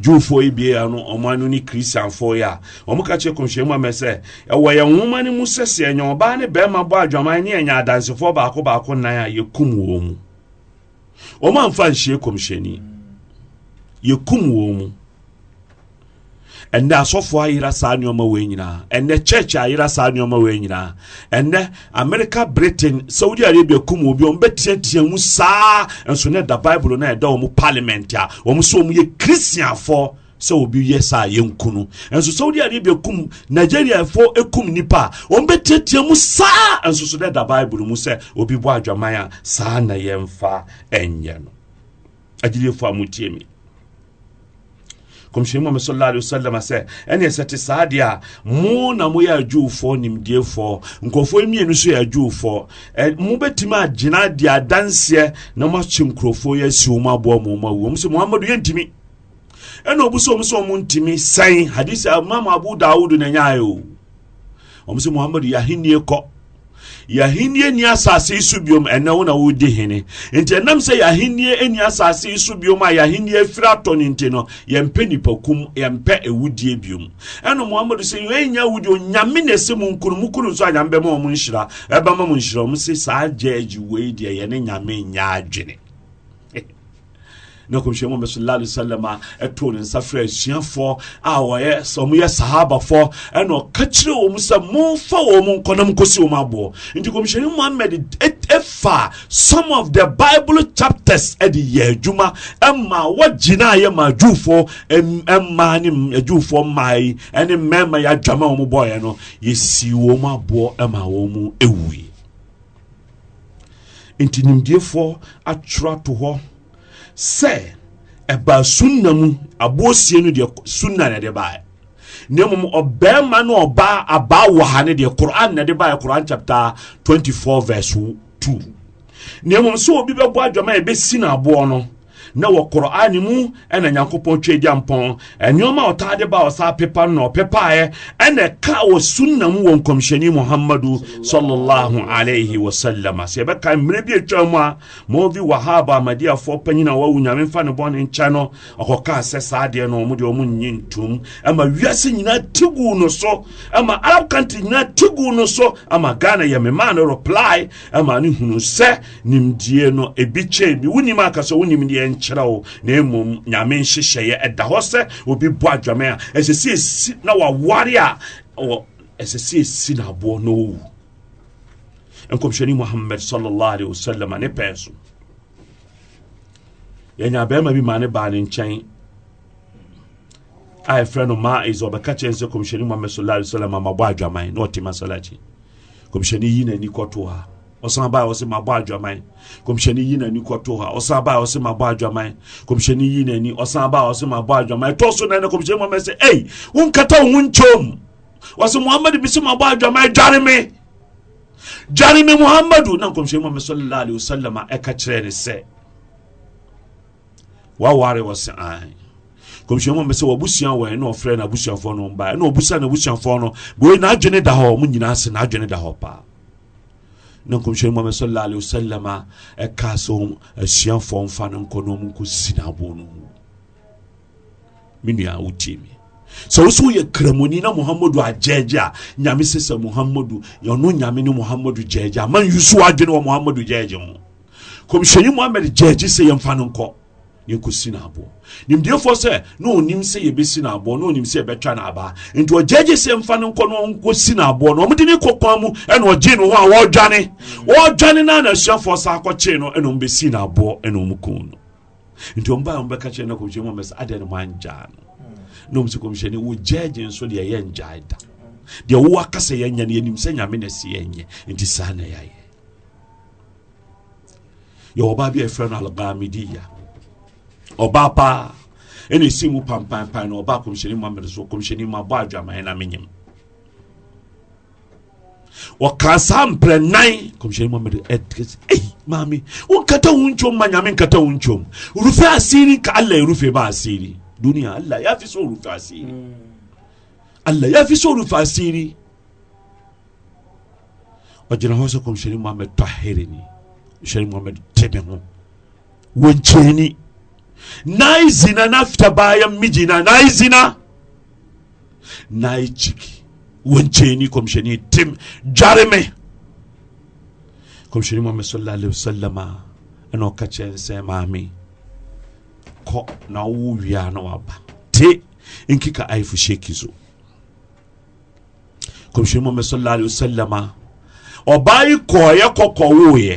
jewfoɔ yi bia no ɔmo ano ne kristianfoɔ yi a ɔmo ka kyerɛ kɔmhyia mu amɛ sɛ ɛwɔ yɛn nwoma no mu sɛ sɛ ɛnyɛ ɔbaa ne bɛrima bɔ adwaman ne yɛnya adansefoɔ baako baako nan a yɛkum wɔ mu ɔmo amfa nhyie kɔmhyɛni yɛkum wɔ mu ɛnɛ asɔfoɔ ayera saa nneɔma wei nyinaa ɛnɛ church ayera saa nneɔma wei nyinaa ɛnɛ america britain saudi arabia kum obi ɔm bɛtiatia mu saa nso ne da bible no ɛda ɔm parliament a ɔm sɛ ɔm yɛ christianfoɔ sɛ obi yɛ saa yɛnku no ɛnso saudi arabia kum nigeriafoɔ ɛkum nipa a wɔn bɛtiatia mu saa ɛnso so dɛ da bible mu sɛ obi bɔ adwaman a saa na yɛmfa ɛnyɛ no agyilefoɔ a motie mi kɔmhyɛni mu sallallahu alaihi wasallam sɛ ɛne sɛ te saa deɛ a mo na moyɛ adwuwfoɔ nimdiefoɔ nkurɔfoɔ mmienu so yɛ adwuwfoɔ mobɛtumi agyina de adanseɛ na moakye nkurɔfoɔ yi asiw mu aboa mo ma sɛ muhammadu yɛntimi ɛna obu sɛ ɔm sɛ ɔmo ntimi sɛn hadise imam abu dawud na ɛnyaayɛ o ɔm sɛ muhammadu yɛahennie kɔ yɛahennie ni asase yi so biom ɛnɛ wo na wodi hene nti ɛnam sɛ yɛahennie ni asase yi so biom a yɛahennie afiri atɔ no nti no yɛmpɛ nipakum yɛmpɛ awudie biom ɛno mohamado sɛ yɛanya awudie onyame na ɛsɛ mu nkunu mu kunu nso anyame bɛma ɔ mo nhyira ɛbɛma mo nhyira ɔm sɛ saa gyaagye wei deɛ yɛne nyame nyɛ adwene na kɔmhyɛ mu sallallahu alaihi wasallam a ɛtoo ne nsa frɛ asuafoɔ a wɔyɛ sɛ ɔmo yɛ sahabafoɔ ɛna ɔka kyerɛ wɔ mu sɛ momfa wɔ mu nkɔnam kɔsi wɔ mu aboɔ nti kɔmhyɛni muhammad ɛfa e-, some of the bible chapters ɛde yɛ adwuma ɛma wɔgyina yɛ ma adwufoɔ ɛmmaa ne adwufoɔ mmaa yi ɛne mmarima yɛ adwama wɔn bɔɔyɛ no yɛsi wɔn aboɔ ɛma wɔn mu ewui nti nimdiefoɔ atwerɛ ato hɔ sɛ ɛbaa sunna mu aboosie no deɛ sunna na ɛde baeɛ na mmom ɔbarima ne ɔbaa abaa wɔ ha ne deɛ koran na ɛde baeɛ koran chapter 24 verse 2 na mmom sɛ obi bɛbɔ adwama a ɛbɛsi no aboɔ no na wɔ korɔane mu ɛna nyankopɔn twa agya mpɔn ɛnneɔma ɔtaa de ba ɔsa pepa no ɔpepaeɛ ɛna ɛka wɔ sunna mu wɔ nkɔmhyɛni muhammadu sallallahu alaihi wasallam sɛ yɛbɛka mmerɛ bi atwa mu a maovi wahaba amadiafoɔ panyin a wawu nyame mfa ne bɔne nkyɛ no ɔkɔkaa sɛ saa deɛ no ɔmo deɛ ɔmo nnye ntom ama wiase nyinaa te no so ama arab country nyinaa te gu no so ama ghana yɛ memaa no reply ama ne hunu sɛ nimdie no ebi kyɛ bi wonim aka sɛ wonim deɛ nkyerɛ wo na mmom nyame nhyehyɛeɛ ɛda hɔ sɛ obi bɔ adwame a ɛsɛ sɛ ɛsi na waware a ɛsɛ sɛ ɛsi no na ɔwu nkɔmhyɛne muhammad sallallahu alaihi wasallam ne pɛɛ so yɛnya bɛrima bi ma ne baa ne nkyɛn a yɛfrɛ no ma is ɔbɛka kyɛn sɛ kɔmhyɛne muhammad sallallahu alaihi wasallam amabɔ adwaman na ɔte masalakyi kɔmhyɛne yi n'ani kɔtoa ɔsan baa ɔsɛ ma bɔ adwaman kɔmhyɛni yi n'ani kɔtɔ hɔ ɔsan baa ɔsɛ ma bɔ adwaman kɔmhyɛni yi n'ani ɔsan baa ɔsɛ ma bɔ adwaman ɛtɔ so nana kɔmhyɛni mu ɛsɛ ɛy nkata wo nkyɛn wɔsɛ muhammadu bi sɛ ma bɔ adwaman dware me muhammadu na kɔmhyɛni mu ɛsɛ sallallahu alaihi wasallam ɛka e kyerɛ ne sɛ waware wɔ sɛ an kɔmhyɛni mu ɛsɛ wɔbusua wɔn ɛna ɔfrɛ na abusuafoɔ no mbaa ɛna ɔbusa na abusuafoɔ no bɛyɛ n'adwene da hɔ ɔmo nyinaa sɛ n'adwene ne nkɔmhyɛni muhammed sallallahu alaihi wasallam e e a ɛka sɛ asuafoɔ mfa no nkɔ na ɔmo nkɔ si n'abo no ho me nua mi sɛ wo so na mohammado agyɛagye a nyame sɛ sɛ mohammado ɔno nyame ne mohammado gyaagye a ma nyi so adwene wɔ mohammado gyaagye ho kɔmhyɛni muhammed gyaagye sɛ yɛmfa no nkɔ yɛkɔsi no aboɔ nimdeefoɔ sɛ na ɔnim sɛ yɛbɛsi no aboɔ na ɔnim sɛ yɛbɛtwa no abaa nti ɔgyagye sɛ mfa no nkɔ na ɔnkɔsi no aboɔ no ɔmode ne kɔkwan mu ɛna ɔgye no ho a wɔdwane wɔdwane no anasuafoɔ saa kɔkyee no ɛna ɔmbɛsi no aboɔ ɛna ɔm ku no nti ɔmbaa ɔmbɛka kyerɛ no kɔmhyɛ mu mɛsɛ adɛn no moangyaa no na ɔm sɛ kɔmhyɛne wo nso deɛ yɛ ngyae da deɛ wo aka sɛ no yɛnim sɛ nyame na yɛnyɛ nti saa na yɛayɛ yɛwɔ baa bi a ɛfrɛ no algamidiya ɔbaa paa ɛna ɛsi mu pampampan na ɔbaa kɔmhyɛni muhammed so kɔmhyɛni mu abɔ adwaman na menyim wɔkaa saa mprɛnan kɔmhyɛni muhammed ɛdikɛsi ɛyi maame nkata wo ntwom ma nyame nkata wo ntwom rufe asiri ka allah rufe ba asiri duniya allah ya fi so rufe asiri allah ya fi so rufe asiri ɔgyina hɔ sɛ kɔmhyɛni muhammed tɔ ahere ni kɔmhyɛni muhammed tɛmɛ ho wɔnkyɛni nai zina nafta baya mijina nai zina nai yi ciki wance tim jareme kwamshani muhammad sallallahu alaihi wasallama ana kace nsɛ mami ko na wo wia na waba te nki ka aifu sheki so kwamshani muhammad sallallahu alaihi wasallama ɔbaa yi kɔɔyɛ kɔkɔ wooyɛ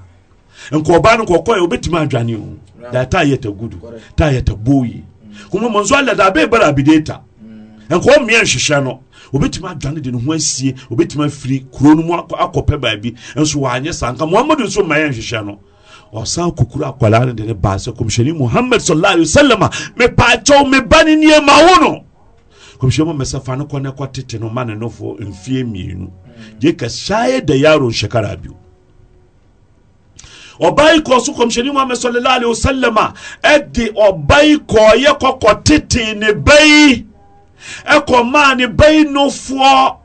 nka ɔbaa no kɔkɔɛ obɛtumi adwane o da ta yɛ ta gudu ta yɛ ta boyi kuma mo nso alɛ da abɛɛ bɛrɛ abideta mm. nka ɔmmea nhyehyɛ no obɛtumi adwane de ne ho asie obɛtumi afiri kuro no mu akɔpɛ baabi nso wɔanyɛ saa nka nso mma nhyehyɛ no ɔsan kokuro akwadaa no de ne baa sɛ kɔmhyɛni muhammad sallallahu alaihi wasallam mepaakyɛw meba ne nneɛma wo no kɔmhyɛni mu mɛsɛ fa no kɔ ne kɔtete no ma ne nofo mfie mmienu mm. gye ka hyɛ da yaro nhyɛkara bio ɔban kɔ so kɔmhyɛni muhammed sallallahu alaihi wasallam a ɛde ɔban kɔ yɛ kɔkɔ tete ne bɛyi ɛkɔ maa ne bɛyi nofoɔ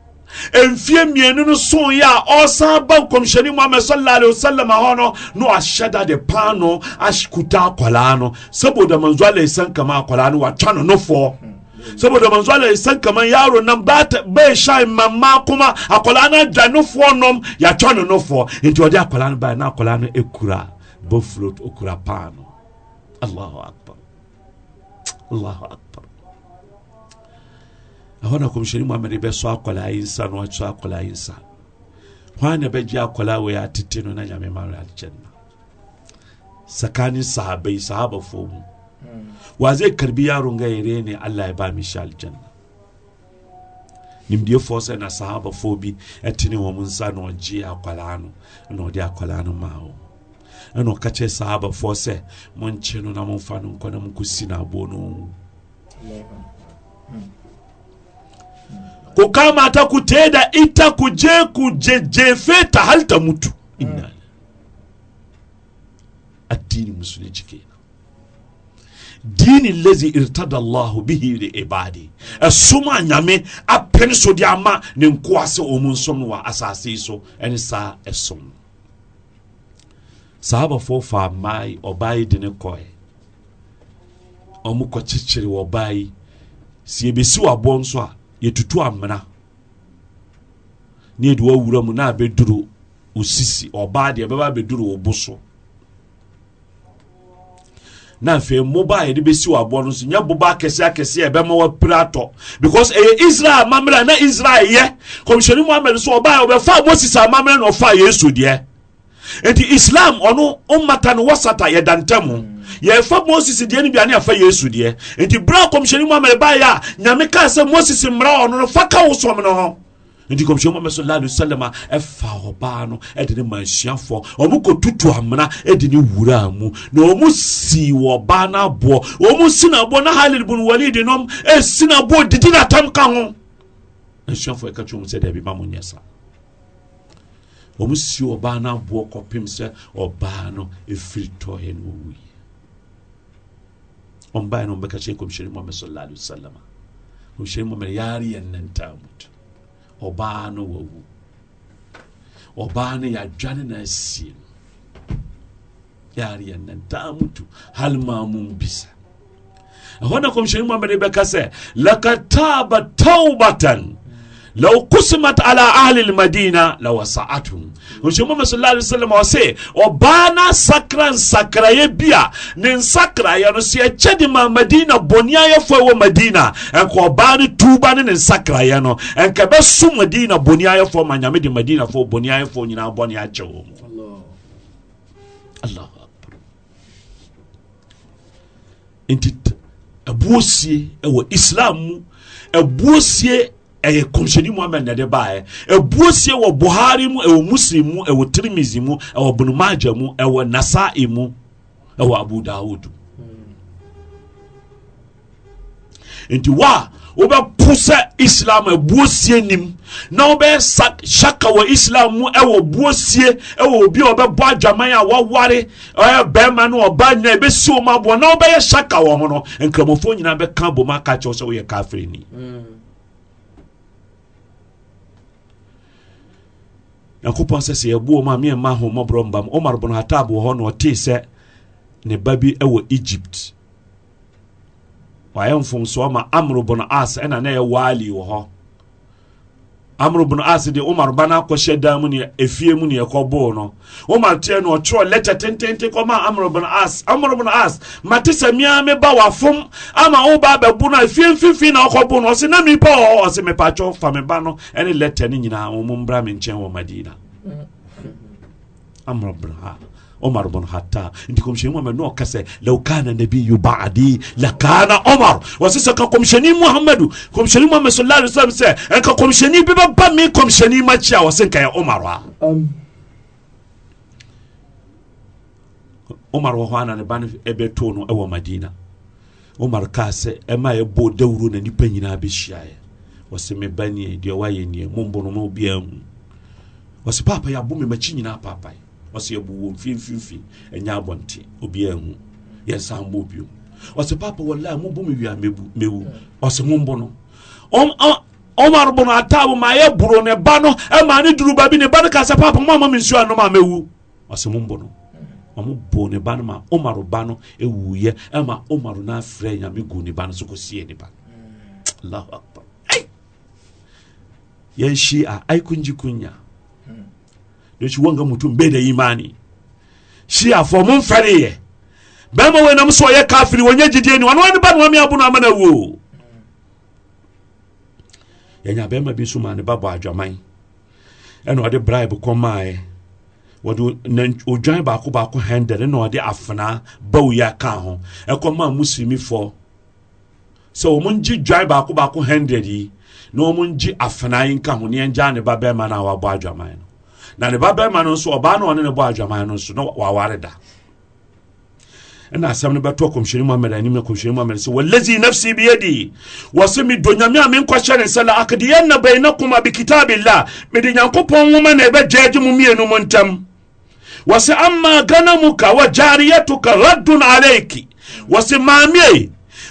mfie mmienu no so yɛ a ɔsan ba nkɔmhyɛni muhammed sallallahu alaihi wasallam hɔ no na ɔahyɛ da de paa no akuta akwaraa no saboda manzo alayisan kama akwaraa no watwa no nofoɔ. Mm saboda manzo Allah ya san kaman yaro nan ba bai sha mama, kuma akwala na da nufuwa nom ya twa no nufuwa nti ɔde akwala no ba na akwala no ekura bofrot okura pano. Allahu akbar Allahu akbar ɛhɔ na kɔmhyɛni muhammed bɛsɔ akwala yi nsa na ɔkyerɛ akwala yi nsa hwan na bɛgye we wei atete no na nyame ma no akyɛ no saka ne sahaba yi mu mm. wa zai karbi yaron ga yare ne Allah ya ba mi shi aljanna nim die fo sɛ na sahaba fo bi ɛtene mun nsa na ji akwalaa no na ɔde akwalaa no maa wɔn ɛna ɔka kyerɛ sahaba fo sɛ monkye no na momfa no nkɔ na monkɔsi no aboɔ no ɔhu kukama hata kutenda ita kuje kujejefeta halta mutu inna mm. addini musulunci ke dini lazi irtadallahu bihi li ibadi ɛsom a nyame apene so de ama ne nkoa sɛ ɔmu nsom no wɔ asase yi so ɛne saa ɛsom sahabafoɔ faa mmaa yi ɔbaa yi de ne kɔɛ ɔmo kɔkyekyere ɔbaa yi si ebesi waboɔ nso a yɛtutu amena ne yɛde wawura mu na abɛduru osisi ɔbaa deɛ ɛbɛba abɛduru wo bo so na afei mmoba a yɛde bɛsi wɔ aboɔ no nso nyɛ boba akɛseɛ akɛseɛ a ɛbɛma wapira atɔ because ɛyɛ israel amammerɛ na israel yɛ kɔmhyɛni muhammed nso ɔbaa ɔbɛfa moses amammerɛ na ɔfa yesu deɛ nti islam ɔno ɔmmata no wɔsata yɛda ntam ho yɛfa moses deɛ no biane afa yesu deɛ nti berɛ a kɔmhyɛni muhammed baeɛ a nyame kaa sɛ moses mmara ɔno no fa ka wo som no ho nti kɔmhyɛ mu sallallahu alaihi wasallam ɛfa ɔbaa no ɛde ne mansuafoɔ ɔmo kɔtutu amena ɛde ne wura mu na ɔmo si wɔ ɔbaa no aboɔ ɔmo si no aboɔ na halid bin walid nom ɛsi no didi natam ka ho asuafoɔ ɛka kyerɛ mu sɛ daabi ma mo nyɛ saa ɔmo si ɔbaa no aboɔ kɔpem sɛ ɔbaa no ɛfiri tɔɛ no ɔwui ɔmbaɛ no ɔmbɛka kyerɛ kɔmhyɛne muhammad sallallahu alaihi wasallam kɔmhyɛne muhammad yaare yɛ nnantaa mutu ɔbaa no wawu ɔbaa no yɛadwane no asie no yɛare yɛnantaa mutu halmaa mu bisa ɛhɔ na kɔmhyɛni mu amɛde bɛka sɛ lakataba taubatan kst lli madina awsaa nm s lam sɛ ɔbaana sakra nsakraɛ ba ne nsakrayɛn s ɛkyɛde ma madina bnayɛf w madina nbaane tubane ne sakraɛn nabɛ s maina bnaɛfmaad mainfɛɛ ɛyɛ kɔmhyɛni muhammad na ɛde baeɛ ɛbuo sie wɔ buhari mu ɛwɔ muslim mu ɛwɔ tirimizi mu ɛwɔ bunumaja mu ɛwɔ nasa'i mu ɛwɔ abu dawud nti wa wobɛpo sɛ islam ɛbuo sie nim na wobɛyɛ shaka wɔ islam mu ɛwɔ buo sie ɛwɔ obi a ɔbɛbɔ adwaman a waware ɔyɛ bɛrima no ɔba nyina ɛbɛsi wo ma aboɔ na wobɛyɛ shaka wɔ ho no nkramɔfoɔ nyinaa bɛka bom aka kyɛw sɛ woyɛ kafiri ni mm. nyankopɔn sɛ sɛ yɛbu ɔma meɛma ahomɔborɔ mba m omar bn hatab wɔ hɔ na ɔtee sɛ ne ba bi ɛwɔ egypt wayɛ mfomsoɔ ma amro bn as ɛna na ɛyɛ waali wɔ hɔ amr ibn as de umar ba na akɔhyɛ dan mu ne efie mu ne ɛkɔbɔɔ no umar teɛ no ɔtwerɛ lɛtɛ tententen kɔma amr ibn as amr ibn as mate sɛ mia me ba wafom ama wo ba abɛbu no efie mfimfini na ɔkɔbo no ɔse na mepa wɔ hɔ ɔse mepatwɔ fa me ba no ɛne lɛtɛ no nyinaa wɔn mu nkyɛn wɔ madina mm. amr ibn as omar bun hatta ndikomsheni muhammad no kase lau kana nabiyu badi la kana omar wasisa ka komsheni muhammadu komsheni muhamad sallallahu alaihi salam se ka komsheni biba ba mi komsheni macha wasin ka omar wa um, omar wɔ hɔ ana ne ba no ɛbɛtoo no ɛwɔ madina omar kaa sɛ ɛma yɛbɔɔ dawuro na nnipa nyinaa bɛhyiaeɛ wɔsɛ me ba nie deɛ woayɛ nie mombɔ no ma obiaa mu wɔsɛ paapa me makyi nyinaa paapae ɔsɛ yɛbu wɔ mfimfimfi ɛnyɛ abɔnte obiaa hu yɛnsa mbɔ bio ɔsɛ papa wɔla mobɔ me wie a mɛwu ɔsɛ mombɔ no ɔmar bɔno ataabo ma yɛ boro ne ba no ɛma ne duruba bi ne ba no ka sɛ papa moama me nsuo anom a mɛwu ɔsɛ mombɔ no ɔmo bɔ ne ba no ma ɔmar ba no ɛwuyɛ ɛma ɔmar no afrɛ nyame gu ne ba no so kɔsie ne ba allahu akbar yɛnhyi a aikongyi kunya da shi wanga mutum bai da imani shi a e fo mun fare ye bɛma wei nam sɛ ɔyɛ kafiri wɔnyɛ gyidie ni ɔno wane ba ne wame abono amana wuo yɛnya bɛma bi so ma ne ba bɔ adwaman ɛna ɔde bribe kɔ maaɛ wɔde odwan baako baako hundred ɛna ɔde afenaa bawoyɛ ka ho ɛkɔ maa muslimifoɔ sɛ wɔn ngye dwan baako baako hundred yi na wɔn ngye afenaa yi nka ho ne yɛngyaa ne ba bɛma no wabɔ adwaman no na ne babarima no nso ɔbaa na ɔne ne bɔ adwaman no nso na waware da ɛna asɛm no bɛtɔ kɔmhyɛni muhammad anim na kɔmhyɛni muhammad sɛ walazi nafsi bi biyadi wɔse medɔ nyame a menkɔhyɛ ne sɛ la akdeyɛnna bainakum a bikitabillah mede nyankopɔn nwoma na ɛbɛgyaagye mu mmienu mu ntam wɔse ama ganamuka wa jariyatuka raddun alaiki wɔse maamee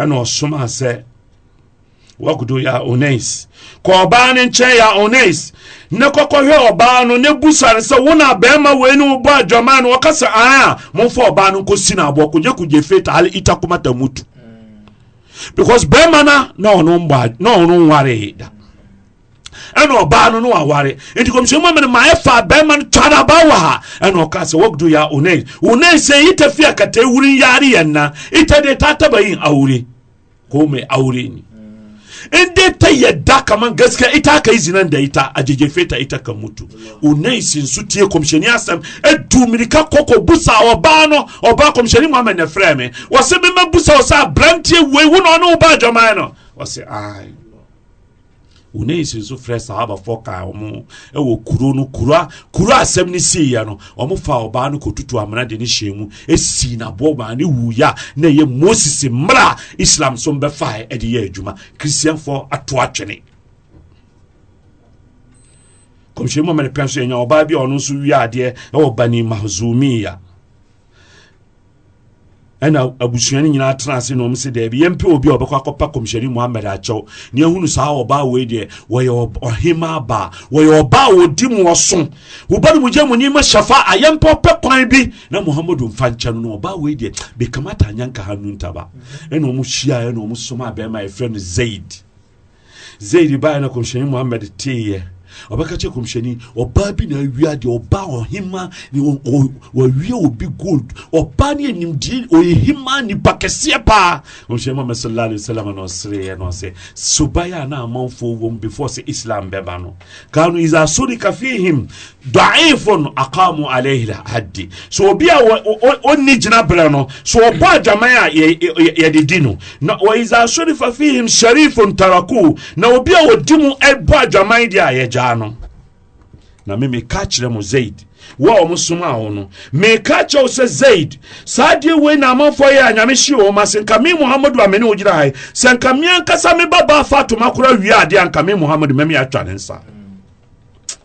ɛna ɔsomaa sɛ wakudu ya onais kɔ ɔbaa no nkyɛn ya onais ne kɔkɔhwɛ ɔbaa no ne busare sɛ wo na bɛrima wei ne wobɔ adwamaa no wɔka sɛ aa momfa ɔbaa no nkɔsi no aboɔ kogye kogye feta ale ita komata mutu mm. because bɛrima no na ɔno nwaree da ɛna ɔbaa no no aware nti kɔmhyɛni mu amene maɛ fa bɛrima no twaraba wɔ ha ɛna ɔka sɛ wagdu ya onan onan sɛ yita fi akata wuri yare yɛ na ita de tataba yi awure kome awure ni aure ta yɛ da kama gaskiya ita ka yi zinan nda ita a feta ita ka mutu onan si nso tie komishani asɛm e mirika kɔkɔ busa ɔbaa no ọba komishani muhammed na frɛ me wɔsɛ mema busa wɔ sɛ aberanteɛ wei wo na ɔne wo ba adwaman no wɔsɛ ai oneisi nso frɛ sahabafoɔ kaa ɔmo ɛwɔ kuro no kuro a kuro a asɛm no siiɛ no ɔmo fa ɔbaa no kɔtutu amena de ne hyɛn mu esii naboɔ maa ne wuya na ɛyɛ moses mmerɛ islam so bɛfaeɛ ɛde yɛ adwuma kristianfoɔ ato atwene kɔmhyɛni mu amɛne pɛn so yɛnya ɔbaa bi a ɔno nso wie adeɛ ɛwɔ bani mahzumiya ɛna abusua no nyinaa tena ase na ɔm sɛ daabi yɛmpɛ obi a ɔbɛkɔ akɔpa kɔmhyɛne muhammad akyɛw ne yɛhunu saa ɔbaa wei deɛ wɔyɛ ɔhema baa wɔyɛ ɔbaa a wɔdi mu ɔso woba no mugya mu nima shafa a yɛmpɛ ɔpɛ kwan bi na muhammad mfa nkyɛ no no ɔbaa wei deɛ bɛkama ta nyɛ nkaha no ntaba ɛna ɔm hyia ɛna ɔm soma a bɛrima yɛfrɛ no zaid zaid baɛ na kɔmhyɛne muhammad teeɛ ɔbɛka kyɛ kɔmhyɛni ɔbaa bi na awia deɛ ɔbaa ɔhema wawie obi gold ɔbaa ne animdie ɔyɛhema nipa kɛseɛ paa kɔmhyɛni mama sala alei wasalam na ɔsereɛ na ɔsɛ sobaeɛ a na amanfoɔ wɔ before sɛ islam bɛba no kanu isa surika fihim daifun aqamu alaihi haddi so obi a ɔnni gyina berɛ no so ɔbɔ adwaman a yɛde di no na wa isa surifa fihim sharifun taraku na obi a ɔdi mu ɛbɔ adwaman deɛ a yɛgya ɔbaa no na me meka kyerɛ mo zaid wo a ɔmo som a wo no meka kyerɛ wo sɛ zaid saa deɛ wei na amanfoɔ yɛ a nyame hyee wɔ ma sɛ nka me mohamado a mene wo gyina hae sɛ nka me ankasa me babaa fa atoma kora wie adeɛ a nka me mohamado mami atwa ne nsa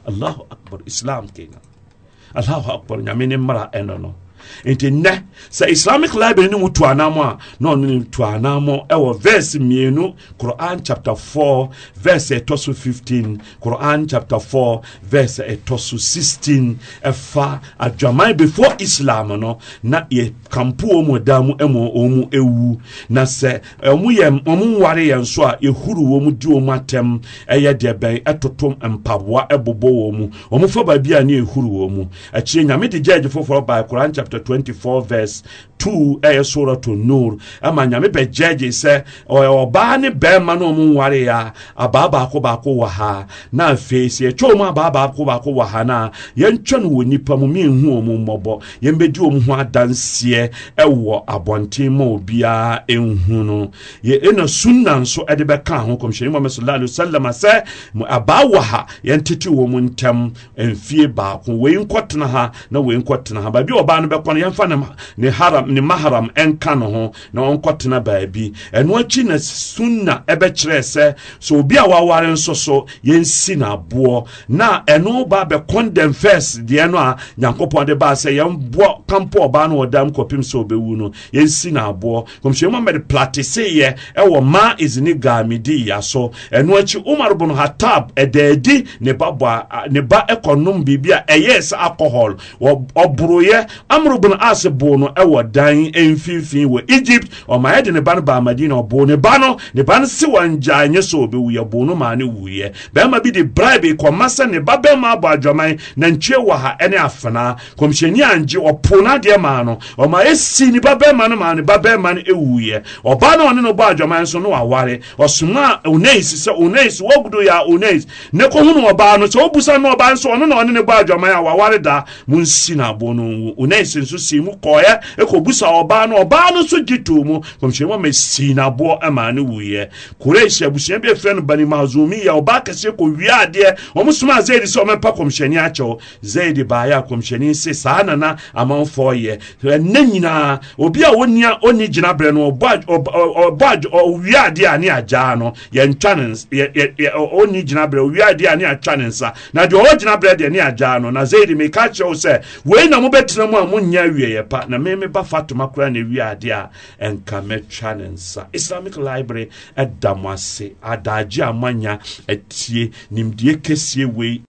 allahu akbar islam kena allahu akbar nyame ne mmara ɛno no nti nnɛ sɛ islamic library no mu tuanam a na ɔno ne tuanam ɛwɔ verse mmienu quran chapter 4 verse ɛtɔ so 15 quran chapter 4 verse ɛtɔ so 16 ɛfa adwaman before islam no na yɛ kampo mu da mu ɛmu ɔmu ɛwu na sɛ ɔmu yɛ ɔmu nware yɛn so a yɛhuru wɔ mu di wɔ mu atɛm ɛyɛ deɛ bɛn ɛtoto mpaboa ɛbobɔ wɔ mu ɔmu fa baabi a ne yɛhuru wɔ mu akyire nyame de gyaagye foforɔ baa quran chapter chapter 24, verse 2 ɛyɛ eh, suratu nur ama nyame bɛgyɛgye sɛ ɔyɛ ɔbaa ne bɛrima no ɔmo nware a abaa baako baako wɔ ha na afei sɛ yɛtwa ɔmo abaa baako baako wɔ ha no a yɛntwa no wɔ nipa mu menhu ɔmo mmɔbɔ yɛmbɛgye ɔmo ho adanseɛ ɛwɔ abɔnten ma obiara ɛnhu no ɛna sunna nso ɛde bɛka ho kɔmhyɛne muhammad sallallahu alaihi wasallam sɛ abaa wɔ ha yɛntete wɔ mu ntɛm mfie baako wei nkɔtena ha na wei nkɔtena ha baabi ɔbaa no bɛkɔ no yɛmfa ne haram ne maharam ɛnka no ho na ɔnkɔtena baabi ɛno akyi na sunna ɛbɛkyerɛ sɛ sɛ obi a waware nso so yɛnsi no na ɛno ba bɛkɔndɛm first deɛ no a nyankopɔn de baa sɛ yɛmboa kampo ɔbaa no ɔdam kɔpem sɛ ɔbɛwu no yɛnsi no aboɔ kɔmhyɛn mohammed plateseyɛ ɛwɔ ma izini gaamidi ya so ɛno akyi umar bin hatab ɛdaadi ne ba bɔ ne ba ɛkɔnom biribi a ɛyɛɛ sɛ alcohol ɔboroyɛ amro bin as boo no ɛwɔ da agyan mfimfini wɔ egypt ɔmaa yɛde ne ba no baa madina ɔboo ne ba no ne ba no se wɔ ngyae nyɛ sɛ ɔbɛwuiɛ ɔboo no maa ne wuiɛ bɛrima bi de bribe kɔma sɛ ne ba bɛrima abɔ adwaman nantwie wɔ ha ne afenaa kɔmhyɛni angye ɔpoo no adeɛ maa no ɔmaa ɛsi ne ba bɛrima no maa ne ba bɛrima no ɛwuiɛ ɔbaa no ɔne no bɔ adwaman so no waware ɔsomaa oneis sɛ oneis wɔgudo yɛ a oneis ne kɔhunu ɔbaa no sɛ wobusa no ɔbaa nso ɔno na ɔne ne bɔ adwaman a waware daa monsi no aboɔ no nwu oneis nso sii mu kɔɔeɛ ɛkɔbu busa ɔbaa no ɔbaa no nso gye too mu kɔmhyɛni muhammad sii naboɔ ma no wuiɛ koresia abusua bi afrɛ no bani mazumi yɛ ɔbaa kɛseɛ kɔwia adeɛ ɔmo somaa zaid sɛ ɔmɛpa kɔmhyɛni akyɛw zaid baeɛ a kɔmhyɛni se saa nana amanfoɔ yɛ ɛnɛ nyinaa obi a wɔnia ɔni gyina berɛ no ɔbɔ ɔwia adeɛ a ne agyaa no yɛntwa ne nsa ɔni gyina berɛ ɔwia adeɛ a ne atwa ne nsa na deɛ ɔwɔ gyina berɛ deɛ ne agyaa no na zaid meka kyerɛw sɛ wei na mobɛtena mu a monyɛ awieɛ pa na memeba afa toma kora na ewi ade a nka mɛtwa ne nsa islamic library ɛda mo ase adagye amanya atie nimdeɛ kɛseɛ wei